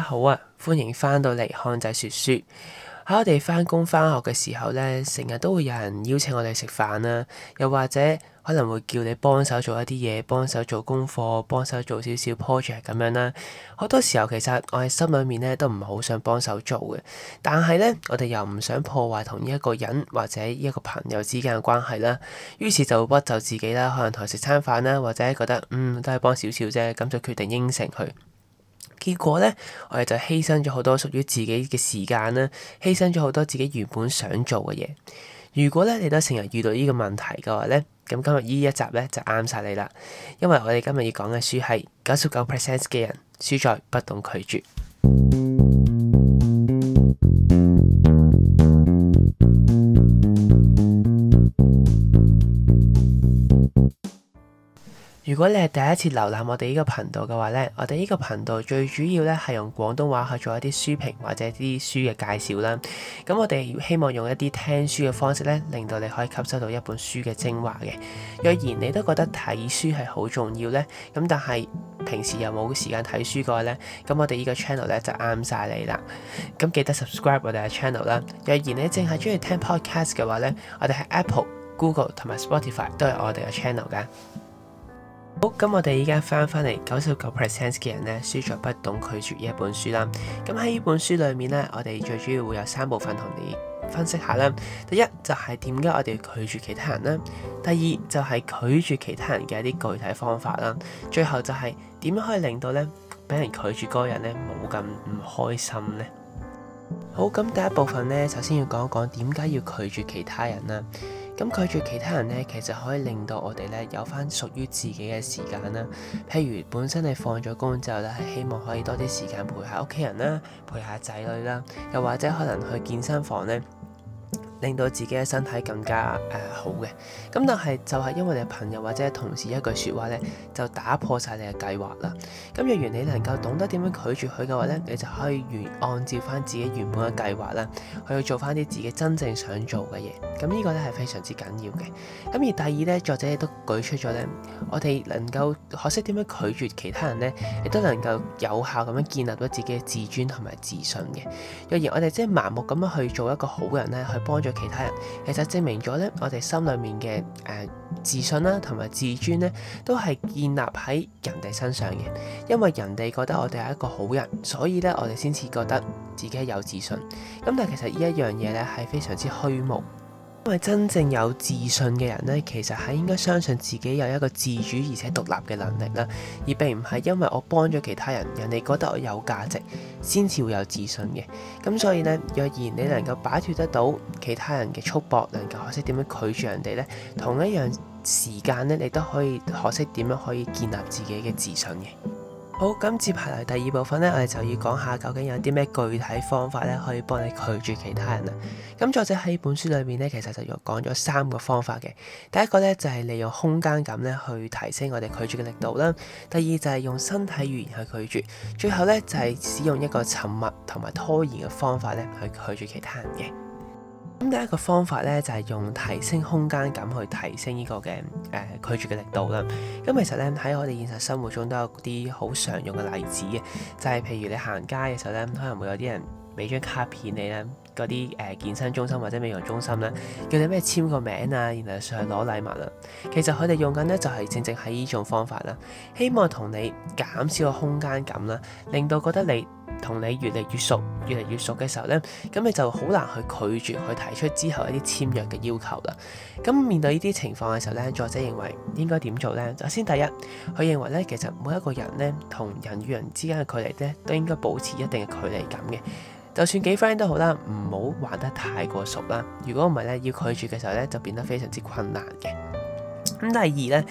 好啊！歡迎翻到嚟漢仔説説喺我哋翻工翻學嘅時候咧，成日都會有人邀請我哋食飯啦，又或者可能會叫你幫手做一啲嘢，幫手做功課，幫手做少少 project 咁樣啦。好多時候其實我喺心裏面咧都唔係好想幫手做嘅，但係咧我哋又唔想破壞同呢一個人或者呢一個朋友之間嘅關係啦，於是就屈就自己啦，可能同佢食餐飯啦，或者覺得嗯都係幫少少啫，咁就決定應承佢。結果咧，我哋就犧牲咗好多屬於自己嘅時間啦，犧牲咗好多自己原本想做嘅嘢。如果咧你都成日遇到呢個問題嘅話咧，咁今日呢一集咧就啱晒你啦，因為我哋今日要講嘅書係九十九 percent 嘅人輸在不懂拒絕。如果你係第一次瀏覽我哋呢個頻道嘅話呢，我哋呢個頻道最主要呢係用廣東話去做一啲書評或者啲書嘅介紹啦。咁我哋希望用一啲聽書嘅方式呢，令到你可以吸收到一本書嘅精華嘅。若然你都覺得睇書係好重要呢，咁但係平時又冇時間睇書嘅話咧，咁我哋呢個 channel 咧就啱晒你啦。咁記得 subscribe 我哋嘅 channel 啦。若然你淨係中意聽 podcast 嘅話呢，我哋喺 Apple、Google 同埋 Spotify 都係我哋嘅 channel 噶。好，咁我哋依家翻翻嚟《九十九 percent 嘅人呢，輸在不懂拒絕》呢一本書啦。咁喺呢本書裏面呢，我哋最主要會有三部分同你分析下啦。第一就係點解我哋要拒絕其他人呢？第二就係、是、拒絕其他人嘅一啲具體方法啦。最後就係點樣可以令到呢俾人拒絕嗰個人呢冇咁唔開心呢？好，咁第一部分呢，首先要講一講點解要拒絕其他人啦。咁拒絕其他人咧，其實可以令到我哋咧有翻屬於自己嘅時間啦。譬如本身你放咗工之後咧，係希望可以多啲時間陪下屋企人啦，陪下仔女啦，又或者可能去健身房咧。令到自己嘅身體更加誒、呃、好嘅。咁但係就係因為你朋友或者同事一句說話咧，就打破晒你嘅計劃啦。咁若然你能夠懂得點樣拒絕佢嘅話咧，你就可以原按照翻自己原本嘅計劃啦，去做翻啲自己真正想做嘅嘢。咁呢個咧係非常之緊要嘅。咁而第二咧，作者亦都舉出咗咧，我哋能夠學識點樣拒絕其他人咧，亦都能夠有效咁樣建立到自己嘅自尊同埋自信嘅。若然我哋即係盲目咁樣去做一個好人咧，去幫助。其他人，其實證明咗咧，我哋心裏面嘅誒自信啦，同埋自尊咧，都係建立喺人哋身上嘅。因為人哋覺得我哋係一個好人，所以咧我哋先至覺得自己有自信。咁但係其實呢一樣嘢咧係非常之虛無。因為真正有自信嘅人呢，其實係應該相信自己有一個自主而且獨立嘅能力啦，而並唔係因為我幫咗其他人，人哋覺得我有價值，先至會有自信嘅。咁所以呢，若然你能夠擺脫得到其他人嘅束縛，能夠學識點樣拒絕人哋呢，同一樣時間呢，你都可以學識點樣可以建立自己嘅自信嘅。好，咁，接下嚟第二部分呢，我哋就要講下究竟有啲咩具體方法呢，可以幫你拒絕其他人啦。咁作者喺本書裏面呢，其實就講咗三個方法嘅。第一個呢，就係利用空間感呢，去提升我哋拒絕嘅力度啦。第二就係用身體語言去拒絕。最後呢，就係使用一個沉默同埋拖延嘅方法呢，去拒絕其他人嘅。咁第一個方法咧，就係、是、用提升空間感去提升呢個嘅誒、呃、拒絕嘅力度啦。咁、嗯、其實咧喺我哋現實生活中都有啲好常用嘅例子嘅，就係、是、譬如你行街嘅時候咧，可能會有啲人俾張卡片你啦，嗰啲誒健身中心或者美容中心啦，叫你咩簽個名啊，然後上去攞禮物啦、啊。其實佢哋用緊咧就係正正喺呢種方法啦，希望同你減少個空間感啦，令到覺得你，同你越嚟越熟，越嚟越熟嘅時候呢，咁你就好難去拒絕去提出之後一啲簽約嘅要求啦。咁面對呢啲情況嘅時候呢，作者認為應該點做呢？首先第一，佢認為呢，其實每一個人呢，同人與人之間嘅距離呢，都應該保持一定嘅距離感嘅。就算幾 friend 都好啦，唔好玩得太過熟啦。如果唔係呢，要拒絕嘅時候呢，就變得非常之困難嘅。咁第二呢，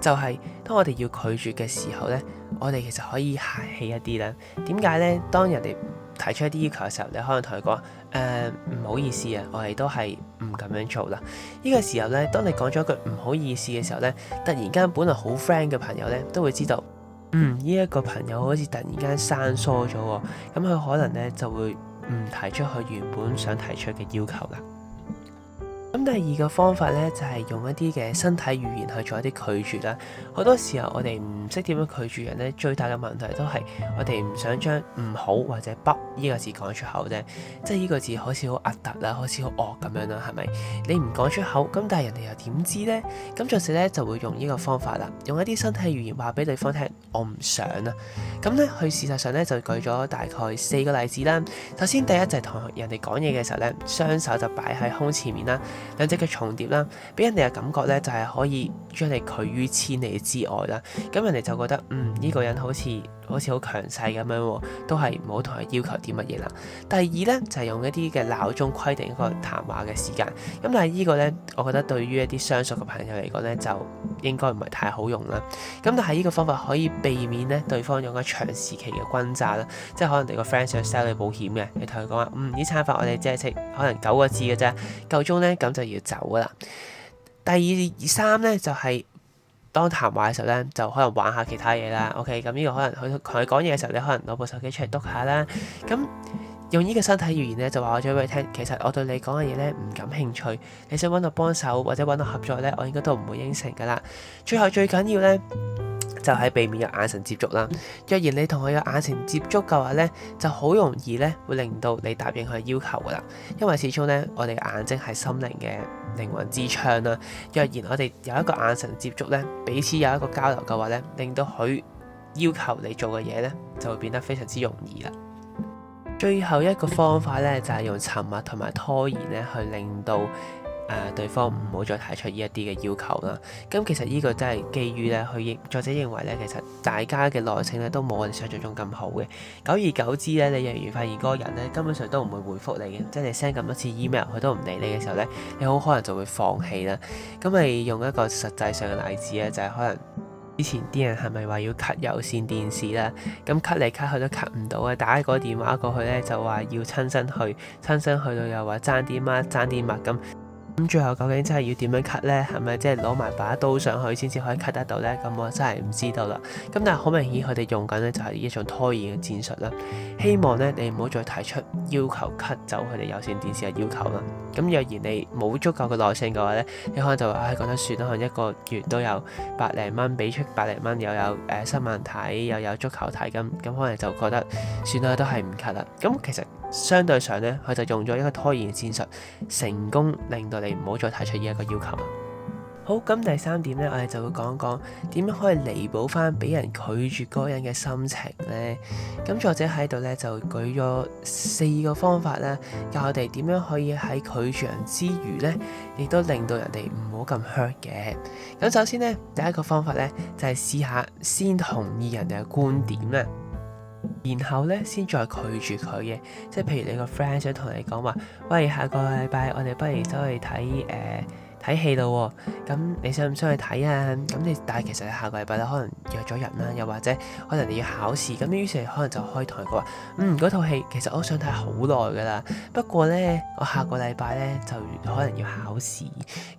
就係當我哋要拒絕嘅時候呢。我哋其實可以客氣一啲啦，點解呢？當人哋提出一啲要求嘅時候，你可能同佢講誒，唔好意思啊，我哋都係唔咁樣做啦。呢個時候呢，當你講咗一句唔好意思嘅時候呢，突然間本來好 friend 嘅朋友呢，都會知道，嗯，呢一個朋友好似突然間生疏咗喎。咁佢可能呢，就會唔提出佢原本想提出嘅要求啦。咁第二個方法呢，就係、是、用一啲嘅身體語言去做一啲拒絕啦。好多時候我哋唔識點樣拒絕人呢，最大嘅問題都係我哋唔想將唔好或者不呢、這個字講出口啫。即係呢個字好似好核突啦，好似好惡咁樣啦，係咪？你唔講出口，咁但係人哋又點知呢？咁作時呢就會用呢個方法啦，用一啲身體語言話俾對方聽，我唔想呀。咁呢，佢事實上呢，就舉咗大概四個例子啦。首先第一就係、是、同人哋講嘢嘅時候呢，雙手就擺喺胸前面啦。兩隻嘅重疊啦，俾人哋嘅感覺咧，就係可以將你拒於千里之外啦。咁人哋就覺得，嗯，呢個人好似好似好強勢咁樣啊，都係唔好同佢要求啲乜嘢啦。第二呢，就係用一啲嘅鬧鐘規定一個談話嘅時間。咁但係依個呢，我覺得對於一啲相熟嘅朋友嚟講呢，就應該唔係太好用啦。咁但係呢個方法可以避免呢對方用咗長時期嘅轟炸啦。即係可能你個 friend 想 sell 你保險嘅，你同佢講話，嗯，呢餐飯我哋只係食可能九個字嘅啫，夠鍾呢，咁就要走噶啦。第二三呢，就係。當談話嘅時候呢，就可能玩下其他嘢啦。OK，咁呢個可能佢同佢講嘢嘅時候，你可能攞部手機出嚟督下啦。咁用呢個身體語言呢，就話咗俾佢聽，其實我對你講嘅嘢呢，唔感興趣。你想揾我幫手或者揾我合作呢，我應該都唔會應承噶啦。最後最緊要呢。就係避免有眼神接觸啦。若然你同佢有眼神接觸嘅話呢，就好容易呢會令到你答應佢要求噶啦。因為始終呢，我哋嘅眼睛係心靈嘅靈魂之窗啦。若然我哋有一個眼神接觸呢，彼此有一個交流嘅話呢，令到佢要求你做嘅嘢呢，就會變得非常之容易啦。最後一個方法呢，就係用沉默同埋拖延呢去令到。誒、呃，對方唔好再提出呢一啲嘅要求啦。咁、嗯、其實呢個真係基於咧，佢認、作者認為呢，其實大家嘅耐性咧都冇我哋想象中咁好嘅。久而久之呢，你若然發現嗰個人呢，根本上都唔會回覆你嘅，即係你 send 咁多次 email 佢都唔理你嘅時候呢，你好可能就會放棄啦。咁、嗯、咪用一個實際上嘅例子呢，就係、是、可能以前啲人係咪話要 cut 有線電視咧？咁 cut 嚟 cut 去都 cut 唔到嘅，打個電話過去呢，就話要親身去，親身去到又話爭啲乜爭啲乜咁。咁最後究竟真係要點樣 cut 呢？係咪即係攞埋把刀上去先至可以 cut 得到呢？咁我真係唔知道啦。咁但係好明顯，佢哋用緊呢就係一種拖延嘅戰術啦。希望呢，你唔好再提出要求 cut 走佢哋有線電視嘅要求啦。咁若然你冇足夠嘅耐性嘅話呢，你可能就話，唉覺、哎、得算啦，可能一個月都有百零蚊俾出百零蚊，又有誒、呃、新聞睇，又有，有足球睇，咁咁可能就覺得算啦，都係唔 cut 啦。咁其實。相對上咧，佢就用咗一個拖延嘅戰術，成功令到你唔好再提出呢一個要求啦。好，咁第三點咧，我哋就會講講點樣可以彌補翻俾人拒絕嗰個人嘅心情呢。咁作者喺度咧就舉咗四個方法啦，教我哋點樣可以喺拒絕人之餘呢，亦都令到人哋唔好咁 hurt 嘅。咁首先呢，第一個方法呢，就係試下先同意人哋嘅觀點啦。然後呢先再拒絕佢嘅，即係譬如你個 friend 想同你講話，喂，下個禮拜我哋不如周圍睇誒。呃睇戲咯喎，咁你想唔想去睇啊？咁你但係其實你下個禮拜咧可能約咗人啦，又或者可能你要考試，咁於是你可能就開台講話，嗯，嗰套戲其實我都想睇好耐噶啦，不過咧我下個禮拜咧就可能要考試，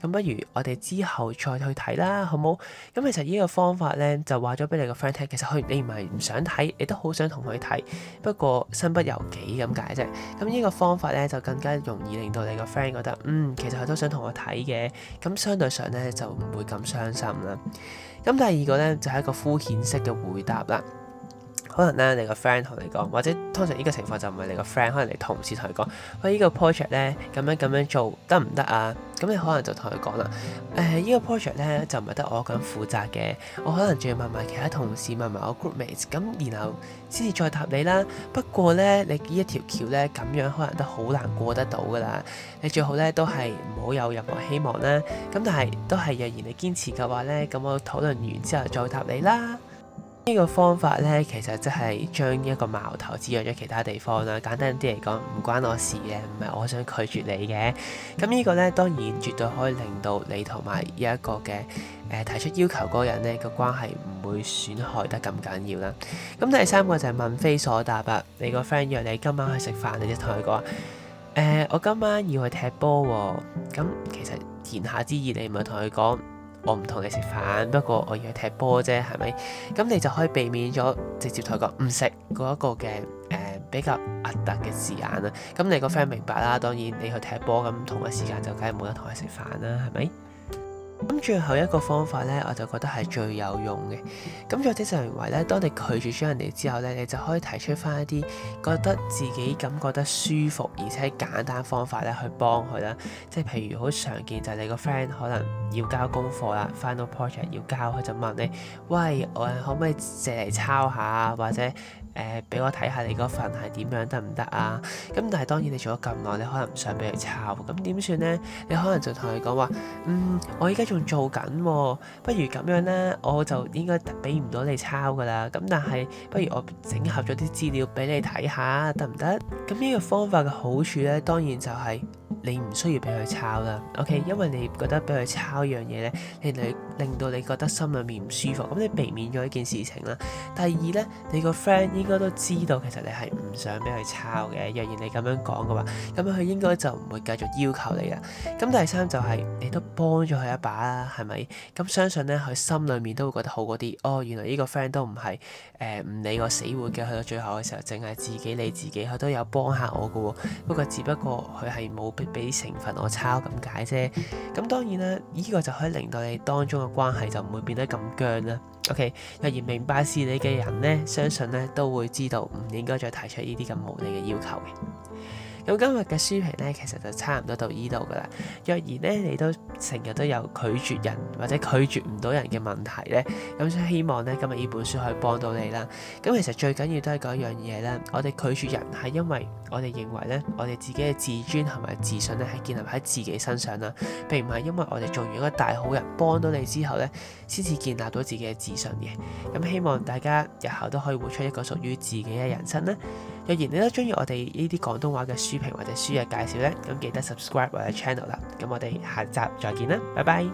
咁不如我哋之後再去睇啦，好冇？咁其實依個方法咧就話咗俾你個 friend 聽，其實佢你唔係唔想睇，你都好想同佢睇，不過身不由己咁解啫。咁依個方法咧就更加容易令到你個 friend 覺得，嗯，其實佢都想同我睇嘅。咁相對上咧就唔會咁傷心啦。咁第二個咧就係、是、一個敷衍式嘅回答啦。可能咧，你個 friend 同你講，或者通常呢個情況就唔係你個 friend，可能你同事同佢講，喂，呢個 project 咧，咁樣咁樣做得唔得啊？咁你可能就同佢講啦，誒、呃，呢個 project 咧就唔係得我咁負責嘅，我可能仲要問埋其他同事，問埋我 groupmates，咁然後先至再答你啦。不過咧，你呢一條橋咧咁樣，可能都好難過得到噶啦。你最好咧都係唔好有任何希望啦。咁但係都係若然你堅持嘅話咧，咁我討論完之後再答你啦。呢個方法呢，其實即係將一個矛頭指向咗其他地方啦。簡單啲嚟講，唔關我事嘅，唔係我想拒絕你嘅。咁呢個呢，當然絕對可以令到你同埋有一個嘅誒、呃、提出要求嗰個人呢，個關係唔會損害得咁緊要啦。咁第三個就係問非所答啊！你個 friend 約你今晚去食飯，你就同佢講誒，我今晚要去踢波喎、哦。咁其實言下之意，你唔係同佢講。我唔同你食飯，不過我要去踢波啫，係咪？咁你就可以避免咗直接同佢講唔食嗰一個嘅誒比較核突嘅字眼啦。咁你個 friend 明白啦，當然你去踢波咁同一時間就梗係冇得同佢食飯啦，係咪？咁最後一個方法呢，我就覺得係最有用嘅。咁作者就認為呢，當你拒絕咗人哋之後呢，你就可以提出翻一啲覺得自己感覺得舒服而且簡單方法咧，去幫佢啦。即係譬如好常見就係你個 friend 可能要交功課啦，final project 要交，佢就問你：喂，我可唔可以借嚟抄下或者誒，俾、呃、我睇下你嗰份係點樣得唔得啊？咁但係當然你做咗咁耐，你可能唔想俾佢抄，咁點算咧？你可能就同佢講話，嗯，我依家仲做緊、啊，不如咁樣咧，我就應該俾唔到你抄噶啦。咁但係，不如我整合咗啲資料俾你睇下，得唔得？咁呢個方法嘅好處咧，當然就係、是。你唔需要俾佢抄啦，OK？因為你覺得俾佢抄一樣嘢咧，你令到你覺得心裏面唔舒服，咁你避免咗呢件事情啦。第二咧，你個 friend 應該都知道其實你係唔想俾佢抄嘅。若然你咁樣講嘅話，咁佢應該就唔會繼續要求你噶。咁第三就係你都幫咗佢一把啦，係咪？咁相信咧，佢心裏面都會覺得好嗰啲。哦，原來呢個 friend 都唔係誒唔理我死活嘅，去到最後嘅時候淨係自己理自己，佢都有幫下我嘅喎。不過只不過佢係冇。俾俾成分我抄咁解啫。咁當然啦，呢個就可以令到你當中嘅關係就唔會變得咁僵啦。OK，若然明白事理嘅人呢，相信呢都會知道唔應該再提出呢啲咁無理嘅要求嘅。咁今日嘅書評咧，其實就差唔多到呢度噶啦。若然咧，你都成日都有拒絕人或者拒絕唔到人嘅問題咧，咁希望咧今日呢本書可以幫到你啦。咁其實最緊要都係嗰樣嘢啦。我哋拒絕人係因為我哋認為咧，我哋自己嘅自尊同埋自信咧係建立喺自己身上啦，並唔係因為我哋做完一個大好人幫到你之後咧，先至建立到自己嘅自信嘅。咁希望大家日後都可以活出一個屬於自己嘅人生啦。若然你都中意我哋呢啲廣東話嘅書評或者書嘅介紹呢，咁記得 subscribe 我嘅 channel 啦。咁我哋下集再見啦，拜拜！